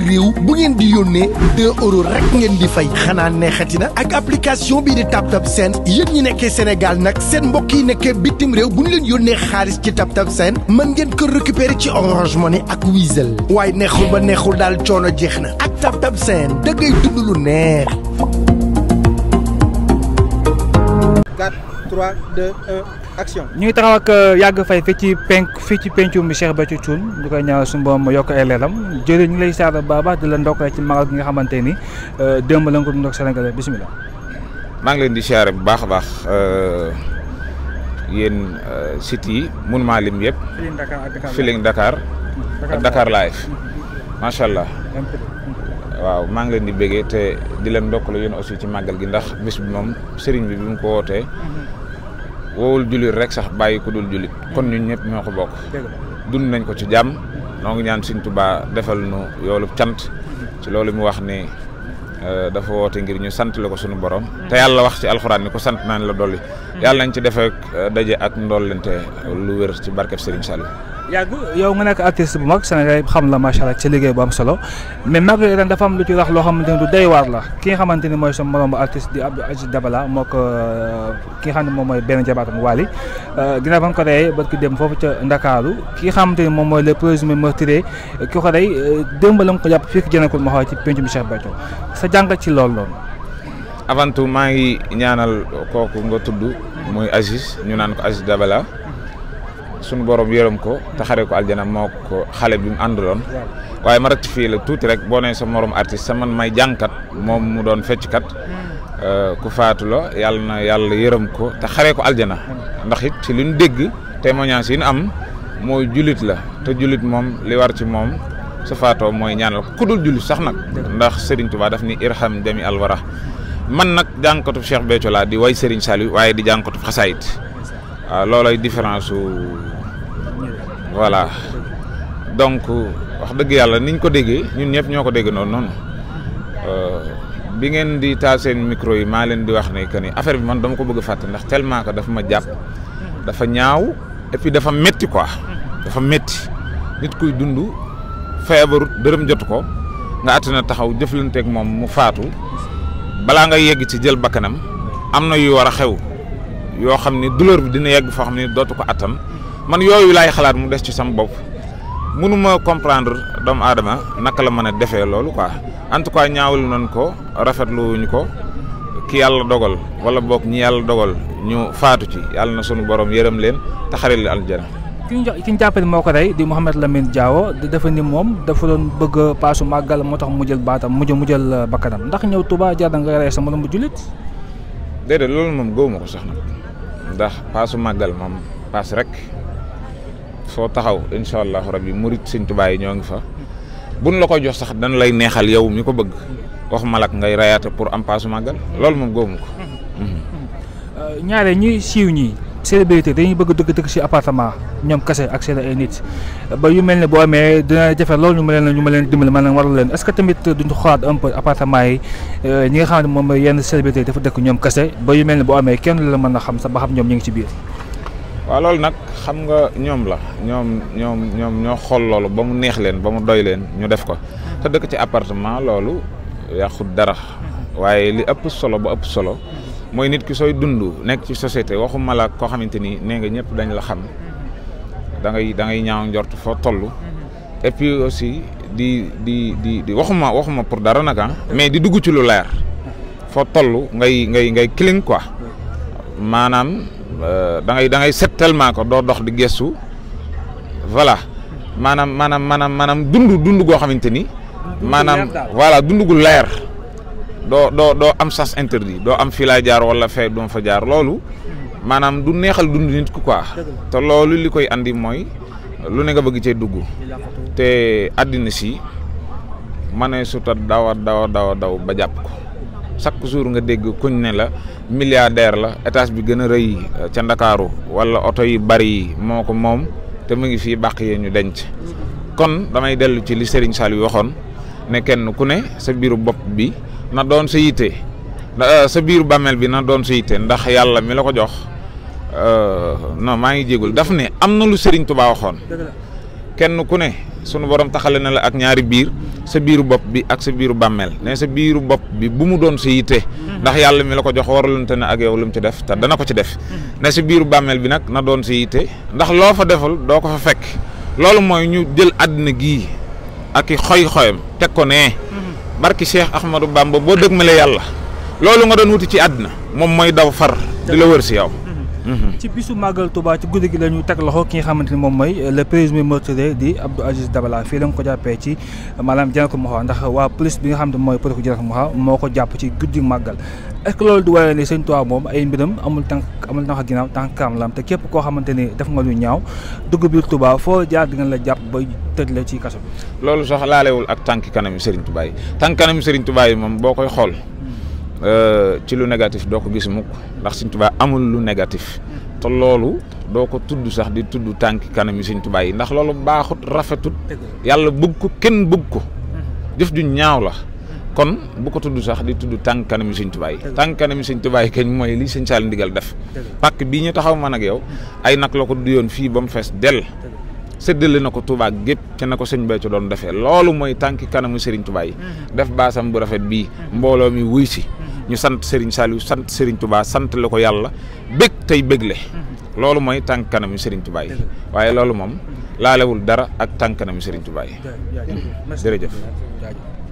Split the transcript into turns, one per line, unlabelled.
biir réew bu ngeen di yónnee 2 euros ngeen di fay xanaa neexati na ak application bii di TapTap Send yéen ñi nekkee Sénégal nag seen mbokk yi nekkee bitim réew bu ñu leen yónnee xaalis ci TapTap Send man ngeen kër récupérer ci Orange ni ak Wizall waaye neexul ba neexul daal coono jeex na ak TapTap Send da ngay dund lu neex. action ñu ngi taxaw ak euh, yàgg fay fii ci penk fii ci pencum Cheikh Béthio Thioune ñu koy ñaanal suñu boom yokk ay leeram jëlee ñu lay saar ba baax di la ndokkale ci magal gi nga xamante ni euh, démb la ko dund ak bisimilah.
maa ngi leen di siyaare bu baax a baax euh, yéen sites yi lim yëpp.
Feeling Dakar ak
maa ngi leen di bëggee di leen ndokkale yéen aussi ci màggal gi ndax bis bi moom sëriñ bi bi mu ko wootee. Mhm. woowul jullit rek sax bàyyi ku dul jullit hmm. kon ñun ñëpp ñoo ko bokk dund nañ ko ci jàmm noo ngi ñaan Sëñ Tuubaa defal nu yoolu cant ci loolu mu wax ni euh, dafa woote ngir ñu sant la ko suñu borom hmm. te yàlla wax ci alxuraan ni ko sant naan la dolli hmm. yàlla nañ ci defee euh, daje ak ndollente lu wér ci barkeb Sëriñ Saliou
yàgg yow nga nekk artiste bu mag Sénégal xam la macha allah ci liggéey bu am solo mais malgré ren dafa am lu ci rax loo xamante ne du doy waar la ki nga xamante ni mooy sa moroom bu artiste di Abdou Aziz Dabala moo euh, ki nga xam ne moom mooy benn jabaatam Wally ginnaaw euh, ba nga ko reyee ba ki dem foofu ca Ndakaaru ki nga xamante ni moom mooy le présumé meurtrier euh, ki ko rey démb la nga ko jàpp fii ak jëneekul ma xaw ci penc mi Cheikh Béthio sa jàngat ci loolu noonu.
avant tout maa ngi ñaanal kooku nga tudd mooy Aziz ñu naan ko Aziz Dabala. suñu borom yërëm ko te xare ko aljana moo ko xale bi mu àndaloon waaye ma rat fii la tuuti rek boo nee sa morom artiste sa man may jàngkat moom mu doon fecc fecckat euh, ku faatu la yàlla na yàlla yërëm ko te xaree ko aljana ndax it ci li ñu dégg témoignage yi ñu am mooy julit la te julit moom li war ci moom su faatoo mooy ñaanal ku dul jullit sax nag ndax Serigne tubaa daf ni irham jami alwara man nag jàngkatub Cheikh Béthio laa di way Serigne Saliou waaye di jàngkatub xasaayit waaw ah, ay différence su voilà donc wax dëgg yàlla niñ ko déggee ñun ñëpp ñoo ko dégg noonu noonu euh, bi ngeen di taal seen micro yi maa leen di wax ne que ni affaire bi man dama ko bëgg a fàtte ndax tellement que dafa ma jàpp dafa ñaaw et dafa métti quoi dafa métti nit kuy dund feebarut dërëm jotu ko nga na taxaw jëflanteeg moom mu faatu balaa nga yegg ci jël bakkanam am na yu war a xew yoo xam ni douleur bi dina yàgg foo xam ni dootu ko attan man yooyu laay xalaat mu des ci sama bopp mënuma comprendre doomu aadama naka la mën a defee loolu quoi en tout cas ñaawul nañ ko rafetluwuñu ko ki yàlla dogal wala boog ñi yàlla dogal ñu faatu ci yàlla na sunu borom yërëm leen te xaril aljana
ki ñu ki ñu jàppale moo ko rey di Mouhamed jaawo di dafa ni moom dafa doon bëgg paasu màggal moo tax mu jël baatam mu jël mu euh, jël bakkanam ndax ñëw Touba jar na nga rey sa moroom bu jullit
déedéet loolu moom gëwuma ko sax ndax paasu màggal moom paas rek soo taxaw incha allah rabbi murit sëñ Tuubaa yi ñoo ngi fa buñ la ko jox sax dañ lay neexal yow mi ko bëgg wax malak ngay rayaate pour am paasu màggal loolu moom góomu ko
ñaare ñi siiw ñi célébrité dañuy bëgg dëkk dëkk ci appartement ñoom kese ak seen ay nit ba yu mel ne boo amee dina jafe loolu ñu ma leen ñu ma leen dimbali maanaam warul leen est-ce que tamit duñu xoolaat un peu appartement yi euh, ñi nga xam ne moom yenn célébrité dafa dëkk ñoom kese ba yu mel ne boo amee kenn la mën a xam sa ba xam ñoom ñu ngi
loolu nag xam nga ñoom la ñoom ñoom ñoom ñoo xool loolu ba mu neex leen ba mu doy leen ñu def ko te dëkk ci appartement loolu yàqut dara mm-hmm. waaye li ëpp solo ba ëpp solo. mooy nit ki sooy dund nekk ci société waxuma la koo xamante ni nee nga ñëpp dañ la xam mm-hmm. da ngay da ngay ñaaw njort foo tollu mm-hmm. et puis aussi di di di di waxuma waxuma pour dara nag ah, mais di dugg ci lu leer. foo tollu ngay ngay ngay clean quoi. maanaam euh, da ngay da ngay set tellement ko doo dox di gestu voilà maanaam maanaam maanaam maanaam dund dund goo xamante ni. maanaam voilà dund gu leer. doo doo doo am sens interdit doo am fii laa jaar wala fee doom fa jaar loolu maanaam du neexal dund nit ku quoi te loolu li koy andi mooy lu ne nga bëgg cee dugg te àddina si ma ne suta ta daw a daw a daw daw ba jàpp ko chaque jour nga dégg kuñ ne la milliardaire la étage bi gën a rëy ca Ndakaaru wala oto yi bari yi moo ko moom te mu ngi fii bàq yee ñu denc kon damay dellu ci li Serigne Saliou waxoon ne kenn ku ne sa biiru bopp bi na doon sa yitte ah, sa biir bàmmeel bi na doon sa ndax yàlla mi la ko jox ah, non maa ngi jégul daf ne am na lu Serigne Touba waxoon kenn ku ne sunu borom taxale na la ak ñaari biir sa biiru bopp bi ak sa biiru bàmmeel ne sa biiru bopp bi bu mu doon sa mhm. ndax yàlla mi la ko jox ne ak yow lu mu ci def te dana ko ci def mhm. ne bàmmeel bi nag na doon sa yitte ndax loo fa deful doo ko fa fekk loolu mooy ñu jël àddina gii ak i xoy-xoyam teg ko nee mhm. barki Cheikh Ahmadou Bamba boo la yàlla loolu nga doon wuti ci àddina moom mooy daw far di la wër si yow
Mm-hmm. ci bisu màggal tubaa ci guddi gi la ñu teg loxo ki nga xamante ni moom mooy euh, le présumé meurtrier di Abdou Aziz Dabala fii la nga ko jàppee ci euh, maanaam Janako Moxa ndax waa police bi nga xam ne mooy police Janako Moxa moo ko jàpp ci guddi màggal est-ce que loolu di moom ay mbiram amul tànk amul tànk ginnaaw tànk karam lam te képp koo xamante ni def nga lu ñaaw dugg biir tubaa foo jaar di nga la jàpp ba tëj la ci kaso
bi loolu sax laalewul ak tànk kanam Serigne Touba yi tànk kanam Serigne Touba yi moom boo koy xool Euh, ci lu négatif doo ko gis mukk ndax Sëñ Tuubaa amul lu négatif te loolu doo ko tudd sax di tudd tànk kanam yi Sëñ Tuubaa yi ndax loolu baaxut rafetut yàlla bëgg ko kenn bëgg ko mm-hmm. jëf ju ñaaw la mm-hmm. kon bu ko tudd sax di tudd tànk kanam yi Sëñ Tuubaa yi tànk kanam yi Sëñ kañ mooy li Sëñ Saaliw ndigal def pàkk bi ñu taxaw man ak yow mm-hmm. ay nag la ko duyoon fii ba mu fees dell séddale na ko Touba gépp te na ko sëñ Béthio doon defee loolu mooy tànki kanamu Serigne Touba yi def mbooloo mi ñu sant Serigne Saliou sant Serigne Touba sant la ko yàlla bég tey bégle loolu mooy tànk kanamu Serigne Touba yi waaye loolu moom laalewul dara ak tànk kanamu Serigne Touba yi
jërëjëf